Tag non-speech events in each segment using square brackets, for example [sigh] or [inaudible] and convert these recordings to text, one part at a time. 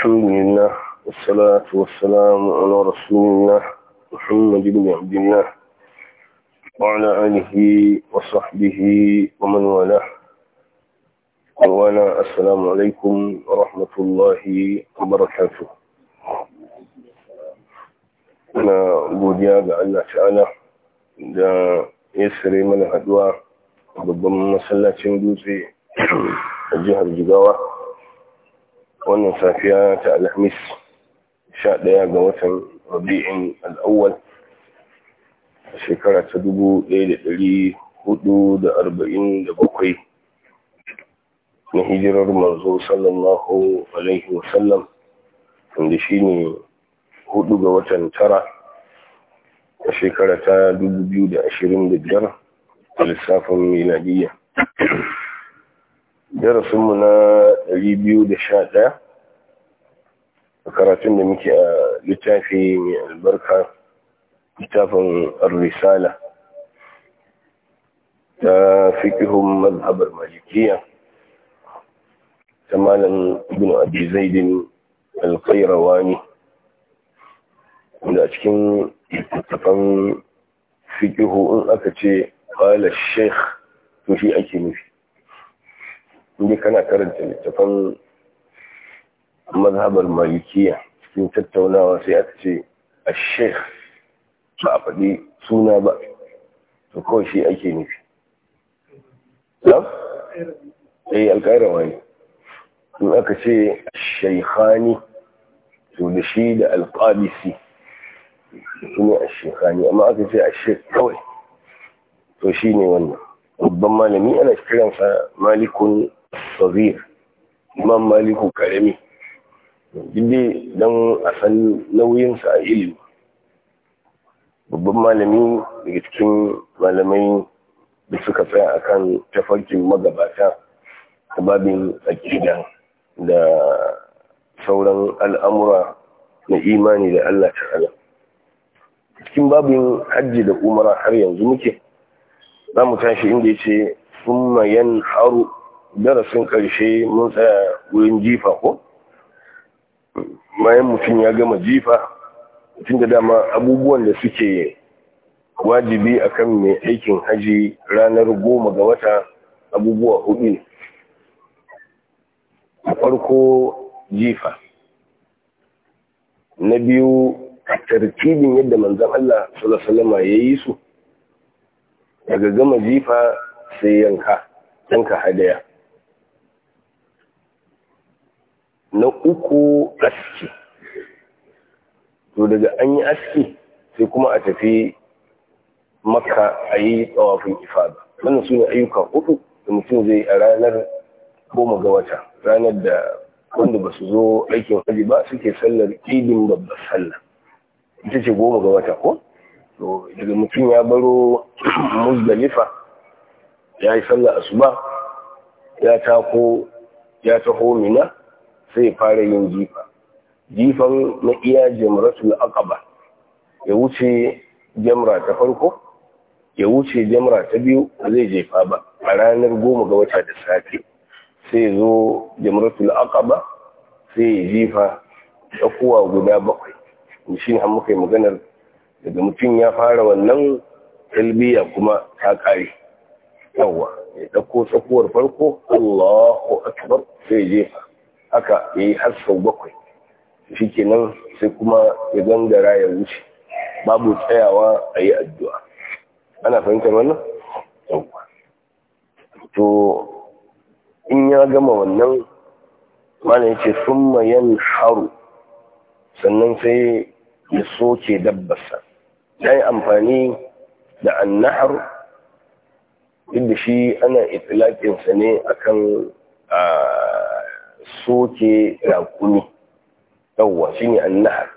الحمد لله والصلاة والسلام على رسول الله محمد بن عبد الله وعلى آله وصحبه ومن والاه وانا السلام عليكم ورحمة الله وبركاته أنا أقول يا Allah تعالى دا يسري من mana haduwa babban masallacin dutse الجهة jihar wannan safiya ta alhamis sha ɗaya ga watan rabi'in al'awwal a shekara ta dubu ɗaya da ɗari hudu da arba'in da bakwai na hijirar manzo sallallahu alaihi wasallam wanda shi ne hudu ga watan tara a shekara ta dubu biyu da ashirin da biyar a lissafin miladiyya darasinmu na biyu da sha 211 a karatun da muke a littafi mai albarka littafin risala ta fikihun mazhabar malikiya ta malam ibn abi zaidin alkairawani wanda a cikin littattafan fikihu in aka ce ƙwalar sheikh tushe ake nufi inda kana karanta littafan mazhabar malikiya cikin tattaunawa sai aka ce a sheikh ba a faɗi suna ba to kawai shi ake nufi ɗan? ɗaya eh, alƙairawa ne in aka ce a shaikhani to da shi da alƙalisi su ne a shekani amma aka ce a shek kawai to shi ne wannan babban malami ana kiransa malikun sabir imam maliku karami dinde don a san nauyinsa a ilimi babban malami daga cikin malamai da suka tsaya kan tafarkin magabata ta babin akida da sauran al'amura na imani da Allah ta'ala cikin babin hajji da umara har yanzu muke za mu tashi inda ya ce sun mayan darasin ƙarshe mun tsaya wurin jifa ko bayan mutum ya gama jifa mutum da dama abubuwan da suke wajibi akan mai aikin haji ranar goma ga wata abubuwa hudu ne farko jifa na biyu a tartibin yadda manzan Allah salama ya yi su daga gama jifa sai yanka yanka hadaya na uku aski to daga an yi aski sai kuma a tafi maka a yi tsawafin ifada wannan su ne ayyukan uku, da mutum zai a ranar goma ga wata ranar da wanda ba su zo aikin haji ba suke sallar idin babbar salla. ita ce goma ga wata ko to daga mutum ya baro [clears throat] muzdalifa ya yi sallar asuba ya tako ya taho mina sai fara yin jifa jifan na iya jamratul aqaba ya wuce jamra ta farko ya wuce jamra ta biyu ba zai jefa ba a ranar goma ga wata da safe sai zo jamratul aqaba sai ya jifa tsakuwa guda bakwai shi har muka yi maganar daga mutum ya fara wannan talbiya kuma ta kare yawa ya ɗauko tsakuwar farko Allahu akbar sai jefa haka yi har sau bakwai shi kenan sai kuma ya gangara ya wuce babu tsayawa a yi addu'a ana fahimtar wannan? to in ya gama wannan mana ya ce sun mayan haru sannan sai ya soke dabbasa ya yi amfani da annahar duk da shi ana itilaƙinsa ne akan a ah, soke rakumi yawwa shi ne annahar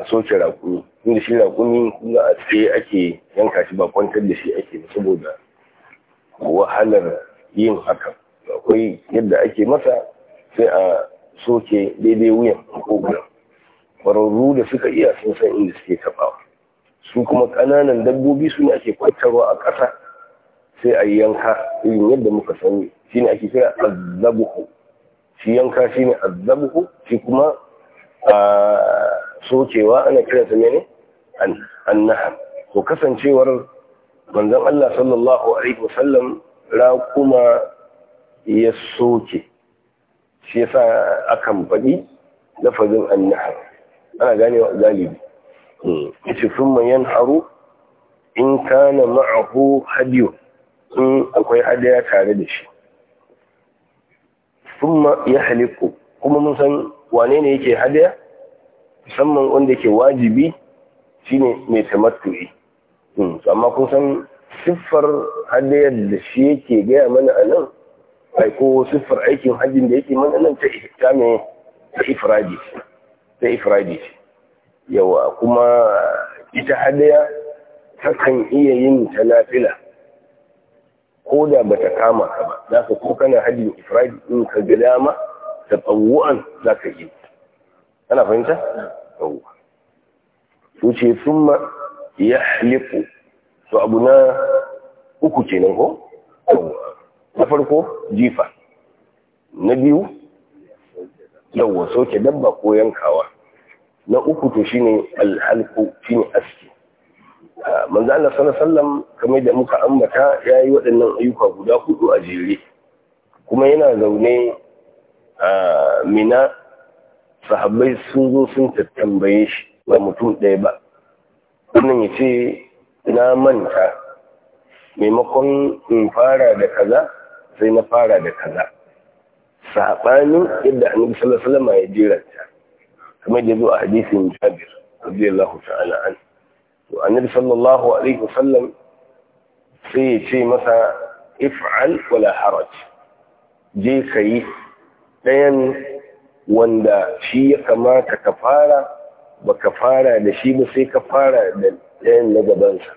a soke rakumi inda shi rakumi kuma a tsaye ake yanka shi ba kwantar da shi ake saboda wahalar yin haka akwai yadda ake masa sai a soke daidai wuyan kogunan kwararru da suka iya sun san inda suke taɓawa su kuma ƙananan dabbobi su ne ake kwantarwa a ƙasa sai a yanka irin yadda muka sani ne ake kira azabuhu shi yanka shi ne azzabuhu shi kuma sokewa ana kiransa ne annahar Ko kasancewar manzon Allah sallallahu alaihi wasallam kuma ya soke shi yasa akan faɗi lafazin annahar ana ganewa galibi sun hmm. mayan haru in kana ma'ahu hadiyu in akwai hadaya tare da shi thumma haliku. kuma mun san wane ne yake hadiya musamman wanda ke wajibi shine mai tamattu'i amma kun san siffar hadiyar da shi yake gaya mana a nan ai ko siffar aikin hajjin da yake mana nan ta ta ta ta yawa kuma ita hadiya takan iya yin ta ko da ta kama ka ba za ka kuka kana hajjin ifradi in ka ga dama ta tsawu'an za ka yi ana fahimta yawwa su ce sun ma ya halifu to abu na uku kenan ko na farko jifa na biyu yawon soke dabba ko yankawa na uku to shine alhalku shine aski manzo Allah sallallahu alaihi wasallam kamar da muka ambata yayi waɗannan ayyuka guda hudu a jere kuma yana zaune a Mina sahabbai sun zo sun tattambaye shi ba mutum ɗaya ba wannan ya ce na manta maimakon in fara da kaza sai na fara da kaza saɓanin yadda annabi sallallahu alaihi wasallam ya jiranta kamar da zo a hadisin Jabir radiyallahu ta'ala anhu to annabi sallallahu alaihi wasallam sai ya ce masa if'al wala haraj je ka yi ɗayan wanda shi ya kamata ka fara baka fara da shi ba sai ka fara da ɗayan na gabansa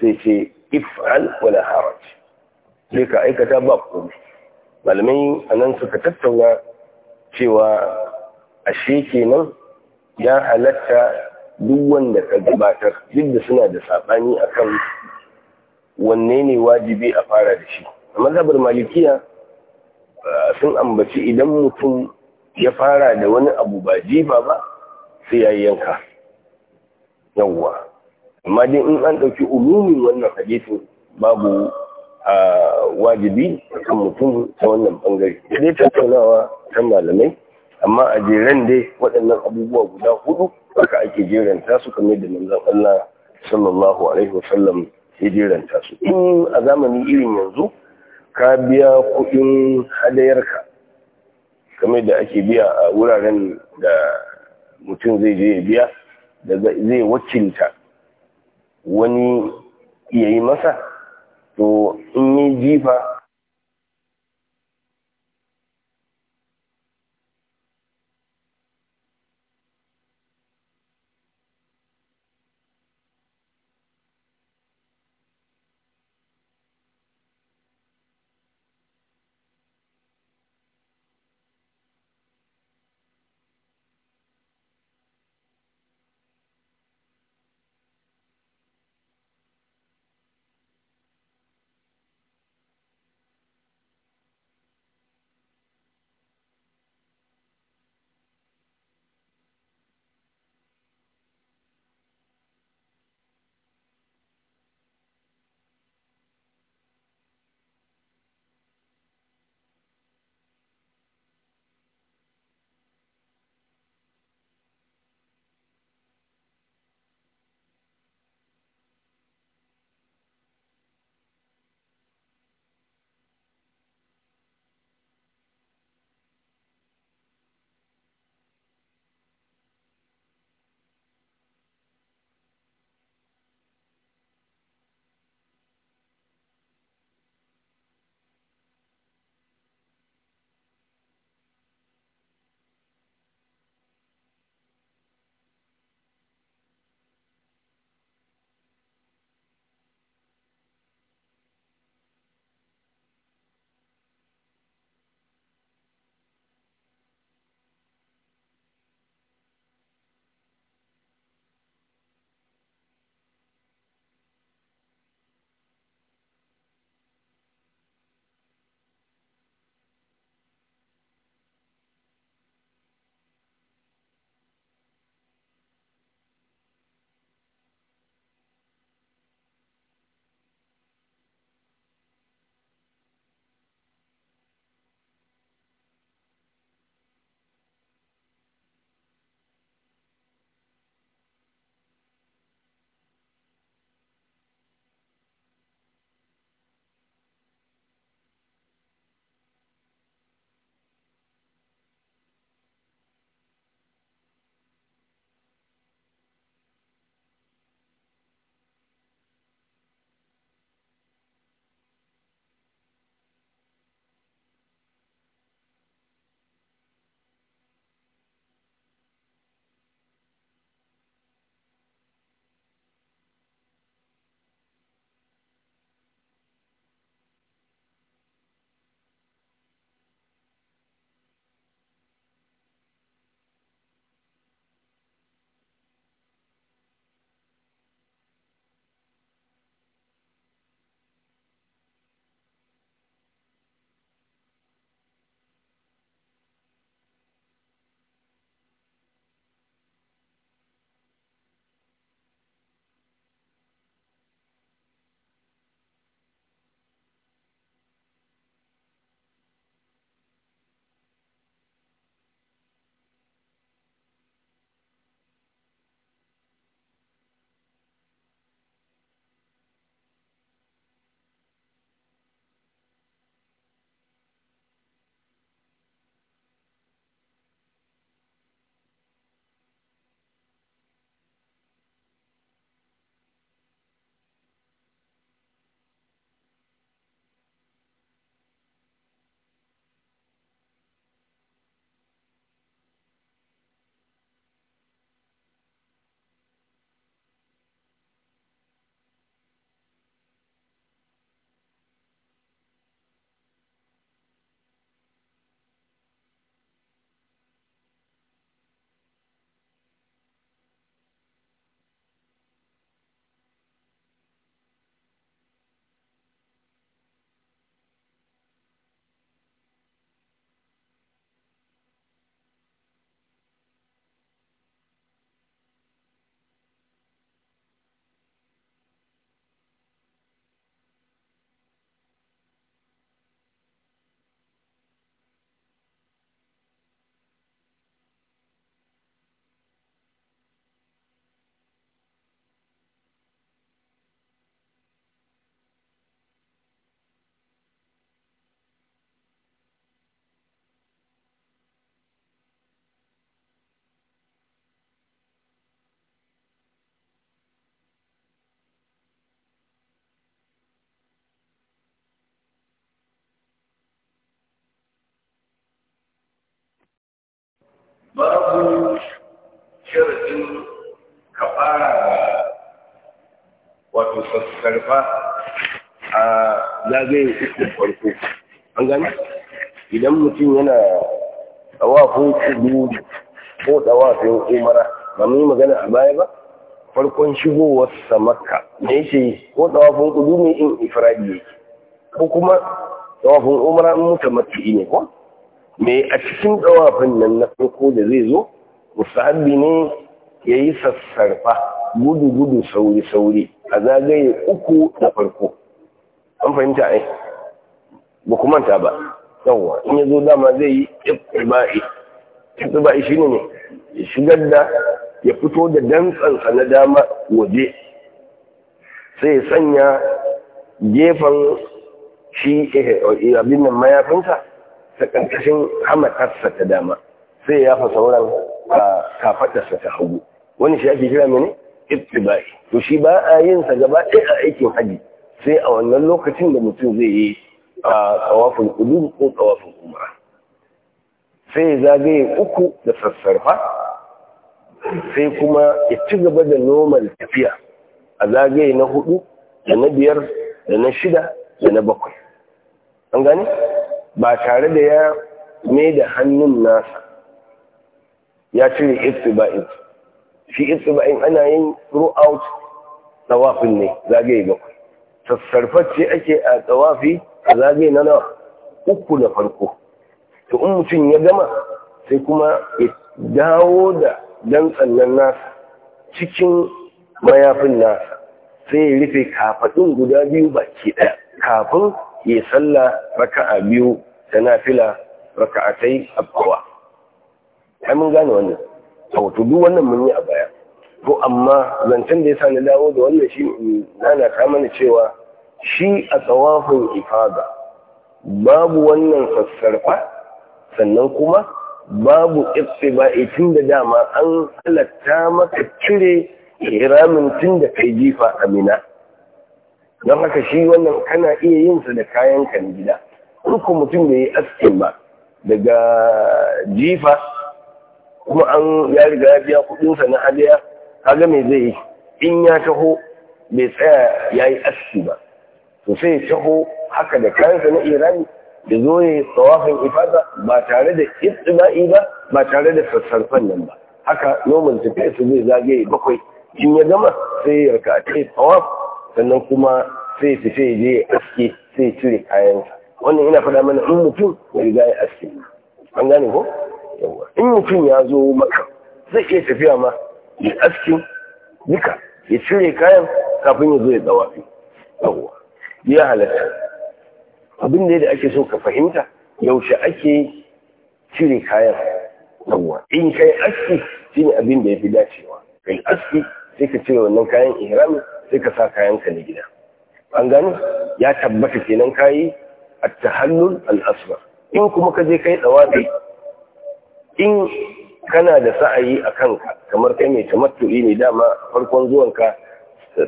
sai ce if'al wala haraj sai ka aikata ba komai malamai a nan suka tattauna cewa ashe kenan ya halatta duk wanda ka gabatar duk da suna da saɓani kan wanne ne wajibi a fara da shi a mazhabar malikiya sun ambaci idan mutum ya fara da wani abu ba jifa ba sai ya yanka yawwa amma dai in an ɗauki umumin wannan hadisin babu a wajibi kan mutum ta wannan bangare dai tattaunawa ta malamai amma a jeren dai waɗannan abubuwa guda hudu haka ake jeranta su kamar da manzon Allah sallallahu alaihi wasallam ya jeranta su in a zamani irin yanzu ka biya kuɗin hadayarka kamar da ake biya a wuraren da mutum zai je ya biya da zai wakilta wani yayi masa to in yi jifa babu shirin fara wato karfa a zagayen uku farko an gani idan mutum yana tsawafin kudu ko tsawafin umara ba mu yi magana a baya ba farkon shigowar samarka me yake ko tsawafin kudu ne in ifradi yake ko kuma tsawafin umara in mutum ne ko me a cikin ɗawafin nan na farko da zai zo musahabi ne ya yi sassarfa gudu-gudu sauri-sauri a zagaye uku na farko an fahimta ai ba kuma ta ba yawwa in ya zo dama zai yi ibtiba'i ibtiba'i shi ne ya shigar da ya fito da dantsansa na dama waje sai ya sanya gefen shi eh, eh, abin nan mayafinsa ta ƙarƙashin hamatarsa ta dama sai ya fa sauran kafaɗarsa ta hagu wani shi ake kira mene ittibai to shi ba a yin sa gaba ɗaya a aikin haji sai a wannan lokacin da mutum zai yi a tsawafin kudu ko tsawafin umara sai zagaye uku da sassarfa sai kuma ya ci gaba da normal tafiya a zagaye na hudu da na biyar da na shida da na bakwai an gane ba tare da ya mai da hannun nasa ya cire istiba'in shi istiba'in ana yin throughout tsawafin ne zagaye bakwai sassarfacce ake a tsawafi a zagaye na nawa uku na farko to in mutum ya gama sai kuma ya dawo da dantsan nan nasa cikin mayafin nasa sai ya rufe kafaɗin guda biyu baki ɗaya kafin ya sallah raka'a biyu ta nafila raka'atai bawa. ai mun gane wannan to to duk wannan mun yi a baya Ko amma zancen da ya sa na dawo da wannan shi na ta mana cewa shi a tsawafin ifada babu wannan sassarfa sannan kuma babu ittiba'i tun da dama an halatta maka cire iramin tun da kai jifa amina don haka shi wannan kana iya yin sa da kayan kan gida rukun mutum da yi askin ba daga jifa kuma an ya riga ya biya kudinsa na hadiya kaga me zai yi in ya taho bai tsaya ya yi aski ba to sai ya taho haka da kayansa na irani da zo ya yi tsawafin ifada ba tare da istiba'i ba ba tare da sassarfan nan ba haka noman tafiya su zai zagaye bakwai in ya gama sai ya ta tsawaf sannan kuma sai ya tafi ya je aske sai ya cire kayansa wannan ina faɗa mana in mutum ya riga ya aske an gane ko yawa in mutum ya zo maka zai iya tafiya ma ya aske duka ya cire kayan kafin ya zo ya tsawafi yawa ya halatta abin da ake so ka fahimta yaushe ake cire kayan yawa in kai aski ne abin da ya fi dacewa kai aski sai ka cire wannan kayan ihrami sai ka sa kayan ka na gida an gane ya tabbata kenan kayi A tahallul al-asghar in kuma ka je kai dawafi in kana da sa'ayi a kanka kamar kai mai tamattu'i ne dama farkon zuwanka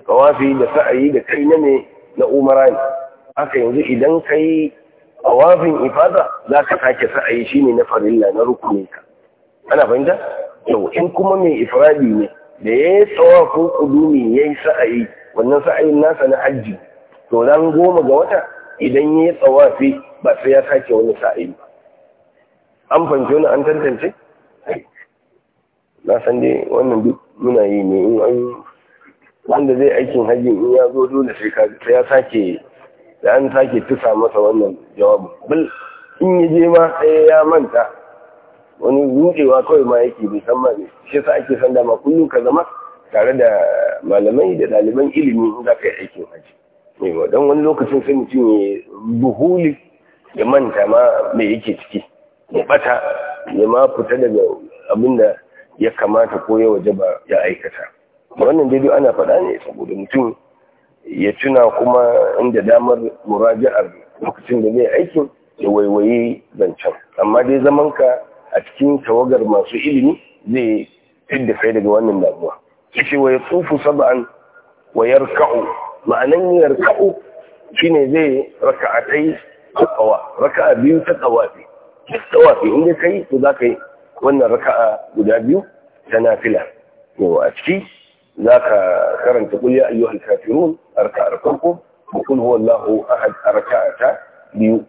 tawafi da sa'ayi da kai na ne na umara ne yanzu idan kai tawafin ifada za ka sake sa'ayi shine na farilla na rukuninka ana fahimta yau in kuma mai ifradi ne da ya yi tsawafin kudumi ya yi sa'ayi wannan sa'ayin nasa na hajji to ran goma ga wata idan ya yi tsawafi ba sai ya sake wani sa'i ba an fahimci wani an tantance na san dai wannan duk muna yi ne in an wanda zai aikin hajji in ya zo dole sai ka sai ya sake da an sake tusa masa wannan jawabu bil in ya je ma sai ya manta wani rudewa kawai ma yake bai san ma ne shi yasa ake san dama kullum ka zama tare da malamai da ɗaliban ilimi in za ka yi aikin hajji yawa don wani lokacin sai mutum ya buhuli ya manta ma mai yake ciki ya bata ya ma fita daga abin da ya kamata ko ya waje ba ya aikata wannan dai ana faɗa ne saboda mutum ya tuna kuma inda damar muraja'ar lokacin da zai aikin ya waiwaye zancen amma dai zamanka a cikin tawagar masu ilimi zai fidda kai daga wannan damuwa ce wa ya tsufu saba'an wa yarka'u ma'anan kau shine zai raka'atai taqwa raka'a biyu ta tawafi tawafi inda kai to za yi wannan raka'a guda biyu ta nafila yawa a ciki za ka karanta kul ya ayyuhal kafirun farko da huwallahu ahad a ta biyu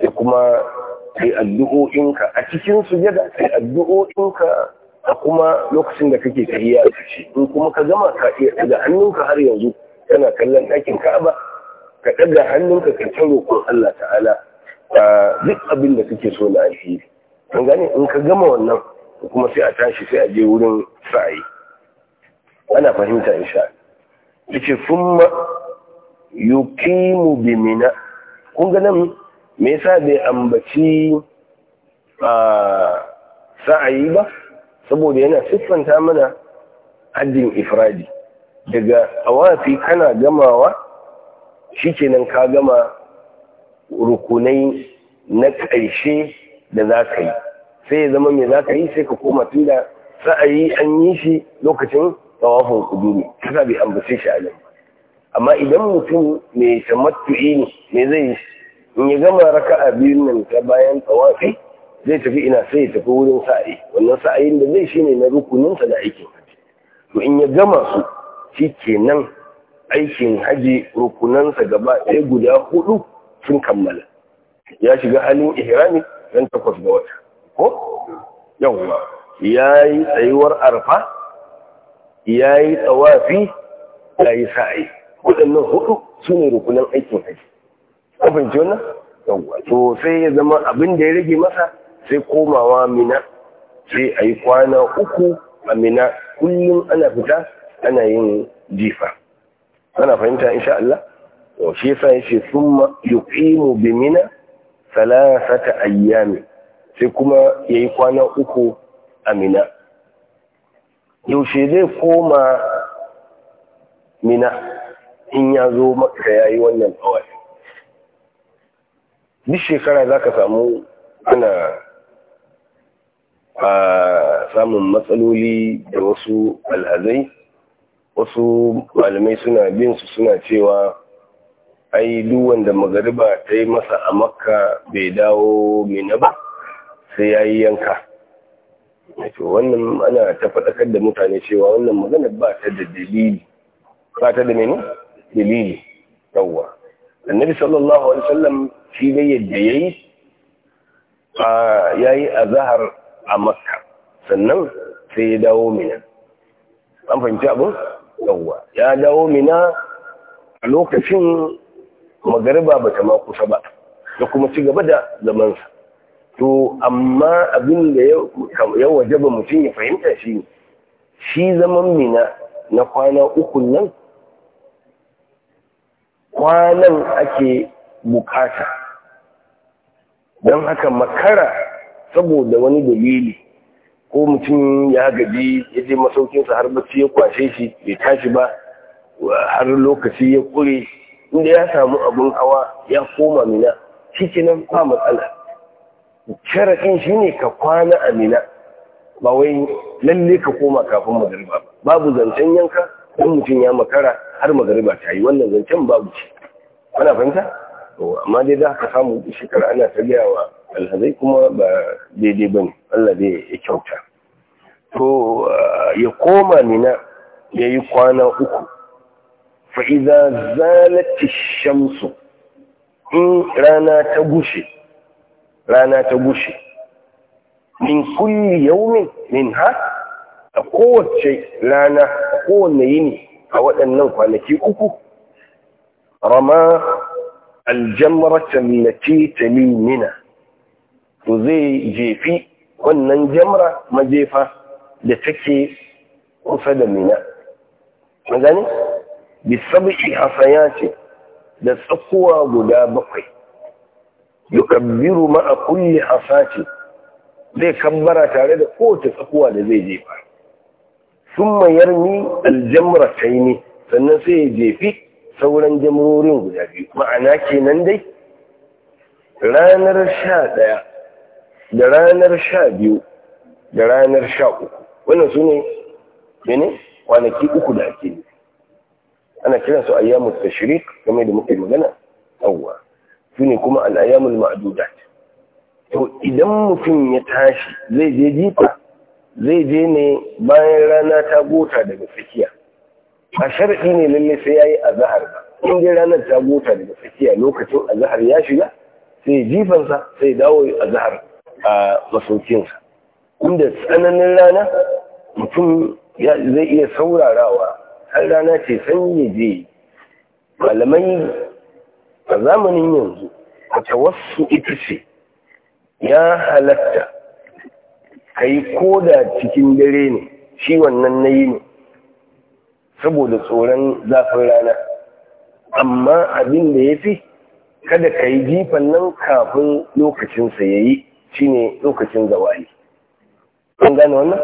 sai kuma kai addu'o'inka a cikin sujada Sai addu'o'inka a kuma lokacin da kake tahiyya a ciki in kuma ka gama ka iya daga hannunka har yanzu kana kallon ɗakin ka'aba ka ɗaga hannunka ka ci roƙon Allah ta'ala a duk abin da kake so na alheri an gane in ka gama wannan kuma sai a tashi sai a je wurin sa'ayi ana fahimta insha yace thumma yuqimu bi mina kun ga nan me yasa bai ambaci a sa'ayi ba saboda yana siffanta mana haddin ifradi daga tawafi kana gamawa shi shikenan ka gama rukunai na ƙarshe da za ka yi sai ya zama mai za ka yi sai ka koma tun da sa'ayi an yi shi lokacin tawafin kuduri kasa bai ambace shi a nan amma idan mutum mai tamattu'i ne me zai yi in ya gama raka a biyun nan ta bayan tawafi zai tafi ina sai ya tafi wurin sa'ayi wannan sa'ayin da zai shi ne na rukuninsa da aikin to in ya gama su shi kenan aikin haji rukunansa gaba ɗaya guda hudu sun kammala ya shiga halin ihrami dan takwas ga wata ko yawwa ya yi tsayuwar arfa ya yi tsawafi ya yi sa'ai waɗannan hudu su ne rukunan aikin haji kafin wannan yawwa to sai ya zama abin da ya rage masa sai komawa mina sai a yi kwana uku a mina kullum ana fita ana yin jifa ana fahimta insha Allah to shi yasa yace thumma yuqimu bi mina thalathata ayyami sai kuma yayi kwana uku a mina yaushe zai koma mina in ya zo maka ya yi wannan tsawai duk shekara zaka samu ana a ah, samun matsaloli da wasu alhazai wasu malamai suna bin su suna cewa ai duk wanda magariba ta yi masa a makka bai dawo mina ba sai ya yi yanka wannan ana ta faɗakar da mutane cewa wannan magana ba ta da dalili ba ta da mene dalili yawwa annabi sallallahu alaihi wasallam shi ne yadda ya yi a zahar zahar a makka sannan sai ya dawo mina an fahimci abin yawwa ya dawo mina a lokacin magariba ba ta ma kusa ba da kuma ci gaba da zamansa to amma abin da ya waje ba mutum ya fahimta shi shi zaman mina na kwana uku nan kwanan ake bukata don haka makara saboda wani dalili ko mutum ya gaji ya je masaukinsa har bacci ya kwashe shi bai tashi ba har lokaci ya kure inda ya samu abin awa ya koma mina shi kenan ba matsala sharaɗin shi ne ka kwana a mina ba wai lalle ka koma kafin magariba babu zancen yanka dan mutum ya makara har magariba ta yi wannan zancen babu ce Kana fahimta amma dai za ka samu shekara ana ta gaya wa alhazai kuma ba daidai ba ne allah zai ya kyauta to uh, ya koma mina ya yi kwana uku fa'iza zalati shamsu in rana ta gushe rana ta gushe min kulli yaumin min ha a kowace rana a kowane yini a waɗannan kwanaki uku rama aljamratan lati tamimina to zai jefi wannan jamra majefa da take kusa da mina mun gane bi a da tsakuwa guda bakwai yukabbiru ma'a a hasati zai kambara tare da kowace tsakuwa da zai jefa aljamra ta yi ne sannan sai ya jefi sauran jamrorin guda biyu ma'ana kenan dai ranar sha ɗaya da ranar sha biyu da ranar sha uku wannan su ne ne kwanaki uku da ake ana kiran su ayyamu tashiri game da muke magana yawwa su ne kuma al'ayyamul ma'aduda to idan mutum ya tashi zai je jifa zai je ne bayan rana ta gota daga tsakiya a sharaɗi ne lalle sai ya yi a zahar ba in dai ranar ta gota daga tsakiya lokacin a zahar ya shiga sai jifansa sai dawo a zahar. a masaukinsa inda tsananin rana mutum zai iya saurarawa har rana ce sanye je malamai a zamanin yanzu a wasu ita ce ya halatta ka yi koda cikin dare ne shi wannan na yi ne saboda tsoron zafin rana amma abin da ya fi kada ka yi jifan nan kafin lokacinsa ya yi shine lokacin zawali an gane wannan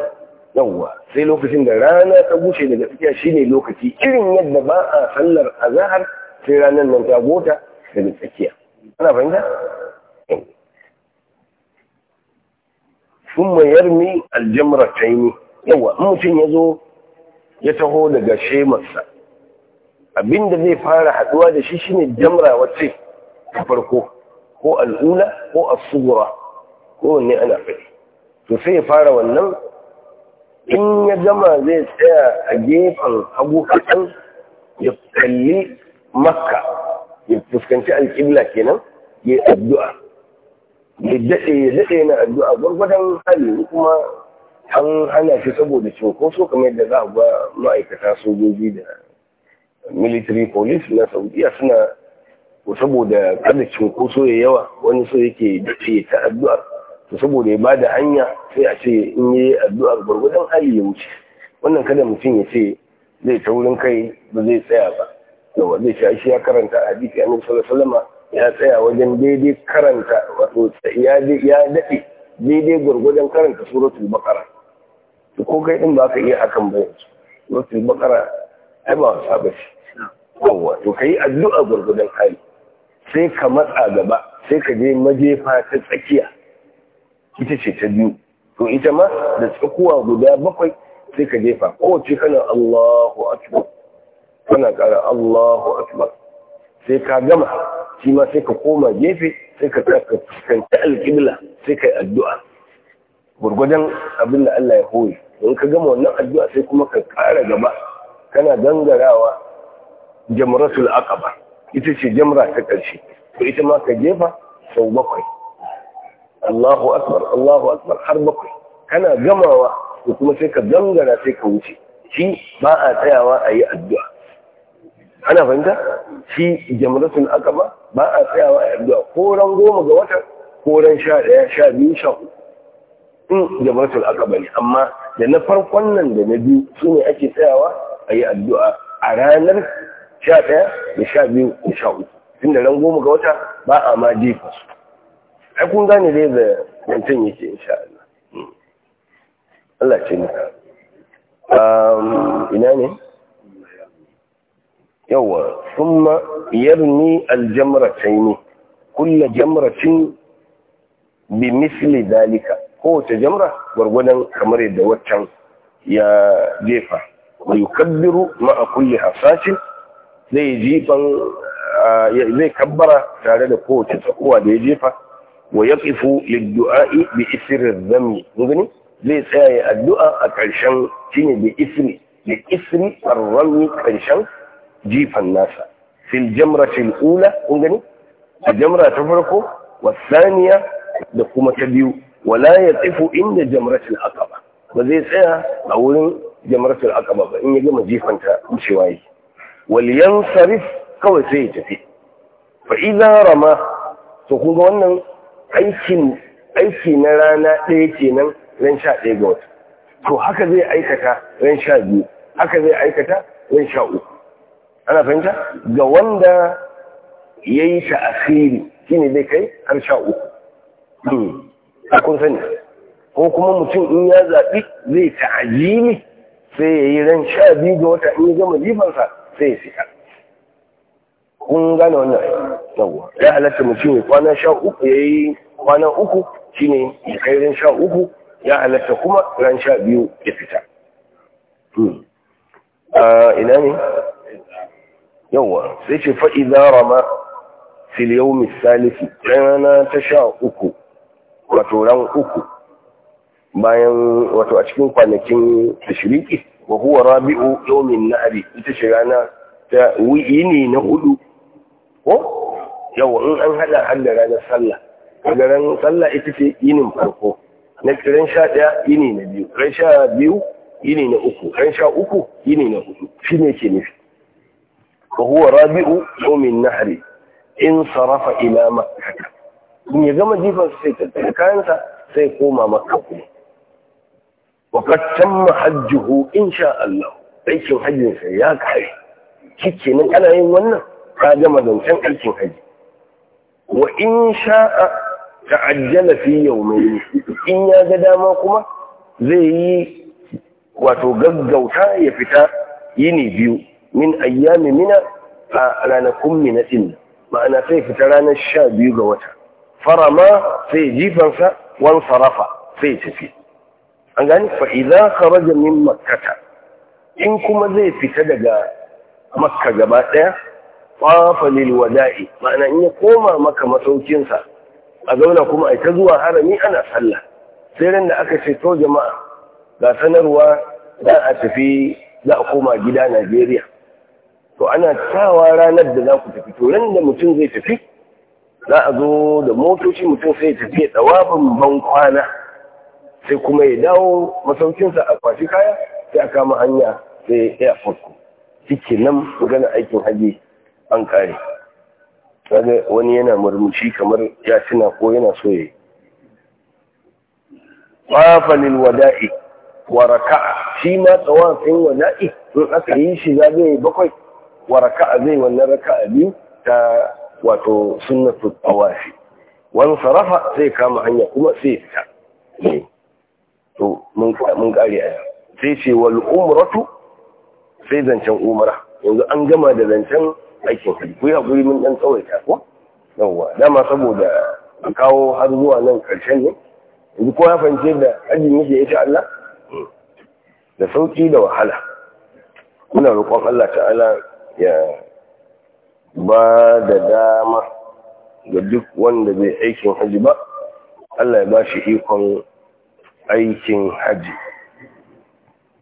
yawwa sai lokacin da rana ta bushe daga tsakiya shine lokaci irin yadda ba a sallar azahar sai ranar nan ta gota daga tsakiya ana fahimta summa yarmi aljamrataini yawwa in mutum ya zo ya taho daga shemarsa abinda zai fara haduwa da shi shine jamra wacce ta farko ko al'ula ko as-sughra kowanne ana faɗi to sai ya fara wannan in ya gama zai tsaya a gefen hagu kaɗan ya kalli makka ya fuskanci alƙibla kenan ya addu'a ya daɗe ya daɗe na addu'a gwargwadon hali kuma an hana shi saboda cunkoso kamar yadda za a ba ma'aikata sojoji da military police na saudiya suna saboda kada cunkoso ya yawa wani so yake daɗe ta addu'a to saboda ya bada hanya sai a ce in yi addu'ar gwargwadon hali ya wuce wannan kada mutum ya ce zai ta wurin kai ba zai tsaya ba yawa zai ce shi ya karanta a hadisi annabi sallallahu ya tsaya wajen daidai karanta wato ya ya dade daidai gwargwadon karanta suratul baqara to ko kai din ba ka iya hakan ba yanzu suratul baqara ai ba wasa ba ce yawa to kai addu'a gwargwadon hali sai ka matsa gaba sai ka je majefa ta tsakiya ita ce ta biyu to ita ma da tsakuwa guda bakwai sai ka jefa kowace kana Allahu akbar kana kara Allahu akbar sai ka gama shi ma sai ka koma gefe sai ka tsaka fuskanci alƙibla sai ka yi addu'a gurgudan abin da Allah ya koyi in ka gama wannan addu'a sai kuma ka ƙara gaba kana gangarawa jamratul aqaba ita ce jamra ta ƙarshe to ita ma ka jefa sau bakwai Allahu akbar Allahu akbar har bakwai kana gamawa da kuma sai ka gangara sai ka wuce shi ba a tsayawa a yi addu'a ana fahimta shi jamratul aka ba a tsayawa a yi addu'a ko ran goma ga wata, ko ran sha ɗaya sha biyu sha uku in aka ba ne amma da na farkon nan da na biyu su ne ake tsayawa a yi addu'a a ranar sha ɗaya da sha biyu da sha uku tun da ran goma ga wata ba a ma jefa su ai kun gane dai da mutum yake insha Allah hmm. Allah ce ni ina ne yawa kuma yarni aljamratain kullu jamratin bi misli dalika kowace jamra gurgudan kamar yadda waccan ya jefa wa yukabbiru ma kulli hasashin zai jifan zai kabbara tare da kowace tsakuwa da ya jefa wa yaqifu lid-du'a'i bi isri dhammi gani zai tsaya addu'a a ƙarshen shine bi isri bi isri ƙarshen jifan nasa fil jamratil ula kun jamra ta farko wasaniya da kuma ta biyu wala ya yaqifu inda jamratil aqaba ba zai tsaya a wurin jamratul aqaba ba in ya gama jifanta wucewa yi wal sarif kawai sai ya tafi fa rama to kun ga wannan aikin aiki na rana ɗaya kenan ran sha ɗaya ga wata to haka zai aikata ran sha biyu haka zai aikata ran sha uku ana fahimta ga wanda ya yi ta asiri shi ne zai kai har sha uku hmm. a kun sani ko kuma mutum in ya zaɓi zai ta'ajili sai ya yi ran sha biyu ga wata in ya gama jifansa sai ya fita kun gane wannan yawwa ya halatta mutum ya kwana sha uku ya yi kwana uku shine ya kai ran sha uku ya halatta kuma ran sha biyu ya fita hmm. ina ne yawwa sai ce fa'iza rama fil yawmi salisi rana ta sha uku wato ran uku bayan wato a cikin kwanakin tashiriki. wa huwa rabi'u yawmin nahri ita ce rana ta ne na hudu ko yau in an haɗa har da ranar sallah kaga ran sallah ita ce yinin farko na ran sha ɗaya yini na biyu ran sha biyu yini na uku ran sha uku yini na hudu shi ne ke nufi fa huwa rabi'u yawmin nahri in sarafa ila makkah in ya gama jifan su sai tattara kayansa sai koma makka kuma wa qad tamma hajjuhu Allah aikin hajjin sa ya kare kike nan ana yin wannan ka gama zancen aikin haji wa in sha'a ta'ajjala fi yawmayn in ya ga dama kuma zai yi wato gaggauta ya fita yini biyu min ayyami mina a ranakun minatin ma'ana sai fita ranar sha biyu ga wata farama sai jifansa wani sarafa sai tafi an gani fa'iza kharaja min makkata in kuma zai fita daga makka gaba ɗaya tsafa lilwada'i ma'ana in ya koma maka masaukinsa a zauna kuma a ta zuwa harami ana sallah sai ran da aka ce to jama'a ga sanarwa za a tafi za a koma gida Najeriya to ana sawa ranar da za ku tafi to ran da mutum zai tafi za a zo da motoci mutum sai tafi ya tsawabin ban kwana sai kuma ya dawo masaukinsa a kwashi kaya sai a kama hanya sai ya farko Cikin nan magana aikin hajji an kare kaga wani yana murmushi kamar ya tuna ko yana so yayi tawafa lil wada'i wa raka'a shi ma tawafin wada'i in aka yi shi za zai bakwai wa raka'a zai wannan raka'a biyu ta wato sunnatu tawafi wa sarafa sai kama hanya kuma sai fita eh, to mun kare aya sai ce wal umratu sai zancen umra yanzu an gama da zancen aikin hajji ku yi haƙuri mun ɗan tsawaita ko yawwa dama saboda a kawo har zuwa nan ƙarshen ne yanzu ko ya fahimci da ajin yake ita Allah hmm. da sauƙi da wahala muna roƙon Allah ta'ala ya ba da dama ga duk wanda bai aikin haji ba Allah ya ba shi ikon aikin haji.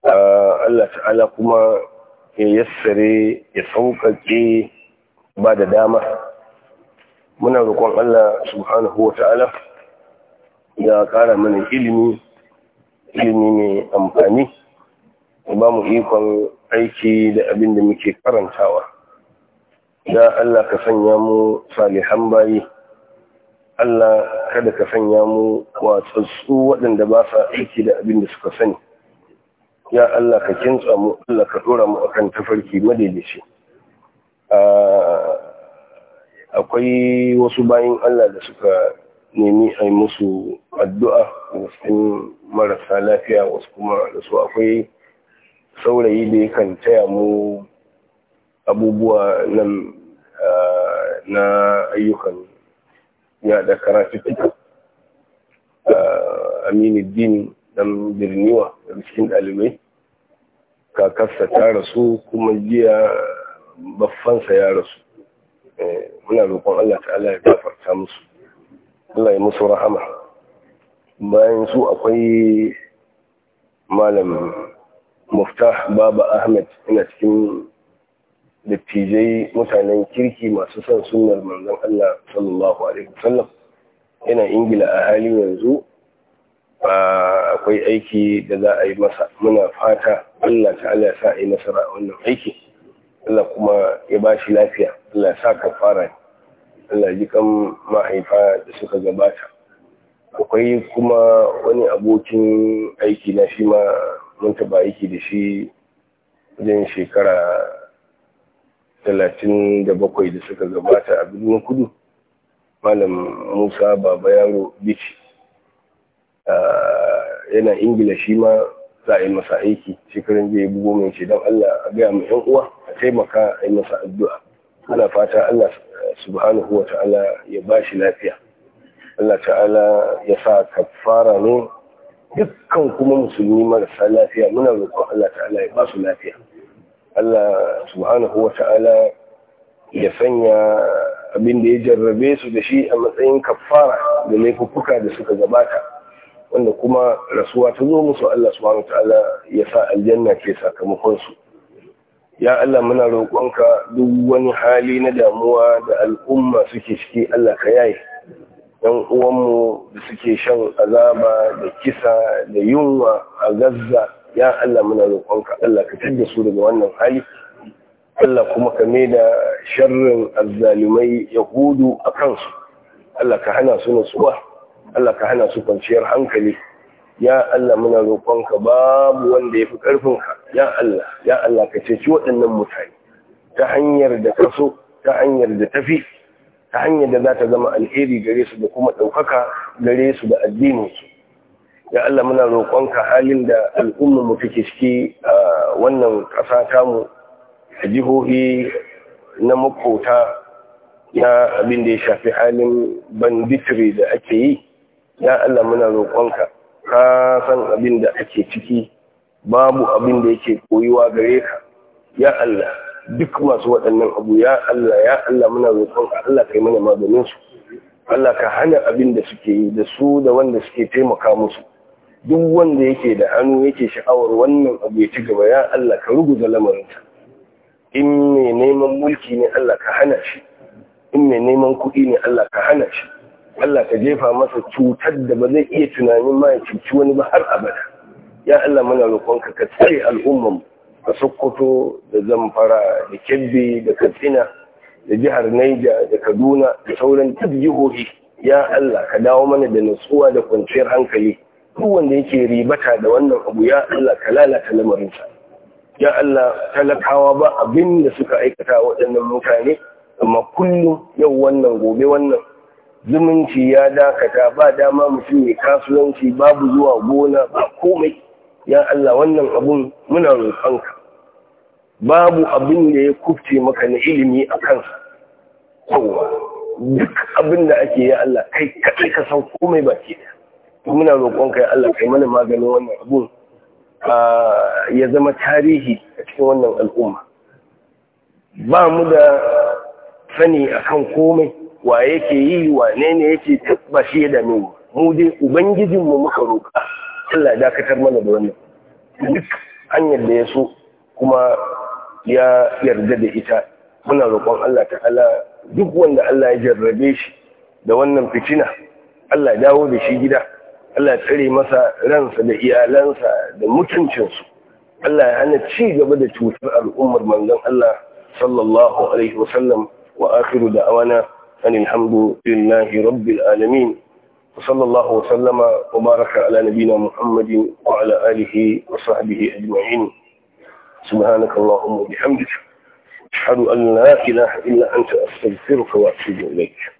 Ah, Allah ta'ala kuma ya yassare ya sauƙaƙe ba da dama muna roƙon Allah subhanahu wa ta'ala ya ƙara mana ilimi ilimi mai amfani ya ba mu ikon aiki da abin da muke karantawa da Allah ka sanya mu salihan bayi Allah kada ka sanya mu watsatsu waɗanda ba sa aiki da abin da suka sani ya Allah ka kintsa mu Allah ka dora mu akan tafarki madaidaici ah, akwai wasu bayan Allah da suka nemi a yi musu addu'a wasu marasa lafiya wasu kuma da su akwai saurayi da yakan taya mu abubuwa nan ah, na ayyukan yada karatu ah, aminu dini dan birniwa da cikin ɗalibai kakarsa ta rasu kuma jiya baffansa ya rasu eh, muna roƙon Allah ta'ala ya gafarta musu Allah ya musu rahama bayan su akwai malam muftah baba ahmed ina cikin dattijai mutanen kirki masu son sunnar manzon Allah sallallahu alaihi wasallam yana ingila a hali yanzu akwai aiki da za a yi masa muna fata Allah ta'ala ya sa a yi nasara a wannan aiki Allah kuma ya ba shi lafiya Allah ya sa ka fara Allah ji kan mahaifa da suka gabata akwai kuma wani abokin aiki na shi ma mun taba aiki da shi wajen shekara talatin da bakwai da suka gabata a birnin kudu malam musa baba yaro bici Eh, yana ingila shi ma za a yi masa aiki shekarun jiya bugo mai ce don Allah a gaya mai yan uwa a taimaka a yi masa addu'a ana fata Allah eh, subhanahu wa ta'ala ya ba shi lafiya Allah ta'ala ya sa kafara ne dukkan kuma musulmi marasa lafiya muna roƙon Allah ta'ala ya ba su lafiya Allah subhanahu wa ta'ala ya sanya abin da ya jarrabe su da shi a matsayin kafara da laifuffuka da suka gabata wanda kuma rasuwa ta zo musu Allah wani ta'ala ya sa aljanna ke sakamakon su ya Allah muna roƙonka duk wani hali na damuwa da al'umma suke ciki Allah ka yaye ‘Yan uwanmu da suke shan azaba da kisa da yunwa a gazza, ya Allah muna roƙonka Allah ka tada su daga wannan hali Allah kuma ka da sharrin azzalumai yahudu a kansu Allah ka hana su nutsuwa Allah ka hana su kwanciyar hankali ya Allah muna roƙonka babu wanda ya fi ƙarfinka ya Allah ya Allah ka ceci waɗannan mutane ta hanyar da ka so ta hanyar da tafi ta hanyar da za ta zama alheri gare su da kuma ɗaukaka gare su da su. ya Allah muna roƙonka halin da al'ummar mu take ciki a wannan ƙasa tamu a jihohi na makota na abin da ya shafi halin banditiri da ake yi ya Allah muna roƙonka ka san abin da ake ciki babu abin da yake koyuwa gare ka ya Allah duk masu waɗannan abu ya Allah ya Allah muna roƙonka Allah kai mana maganin su Allah ka hana abin da suke yi da su da wanda suke taimaka musu duk wanda yake da hannu yake sha'awar wannan abu ya ci gaba ya Allah ka ruguza lamarinsa in mai neman mulki ne Allah ka hana shi in mai neman kuɗi ne Allah ka hana shi Allah ka jefa masa cutar da ba zai iya tunanin ma ya cuci wani ba har abada ya Allah muna roƙonka ka tsare al'ummar ka Sokoto da Zamfara da Kebbi da Katsina da jihar Niger da Kaduna da sauran duk jihohi ya Allah ka dawo mana da nutsuwa da kwanciyar hankali duk wanda yake ribata da wannan abu ya Allah ka lalata lamarinsa ya Allah talakawa ba abin da suka aikata waɗannan mutane amma kullum yau wannan gobe wannan zumunci ya dakata ba dama mutum ya kasuwanci babu zuwa gona ba komai ya Allah wannan abun muna roƙonka babu abin da ya kufce maka na ilimi a kansa kowa duk abin da ake ya Allah kai kaɗai ka san komai ba ke da muna roƙonka ya Allah kai mana maganin wannan abun ya zama tarihi a cikin wannan al'umma ba mu da sani akan komai wa yake yi wa ne yake tabbashi shi da mu mu dai ubangijin mu muka roƙa Allah ya dakatar mana da wannan duk hanyar da ya so kuma ya yarda da ita muna roƙon Allah ta'ala duk wanda Allah ya jarrabe shi da wannan fitina Allah dawo da shi gida Allah tsare masa ransa da iyalansa da mutuncinsu Allah ya hana ci gaba da cutar al'ummar manzon Allah sallallahu alaihi wasallam wa akhiru أن الحمد لله رب العالمين وصلى الله وسلم وبارك على نبينا محمد وعلى آله وصحبه أجمعين سبحانك اللهم وبحمدك أشهد أن لا إله إلا أنت أستغفرك وأتوب إليك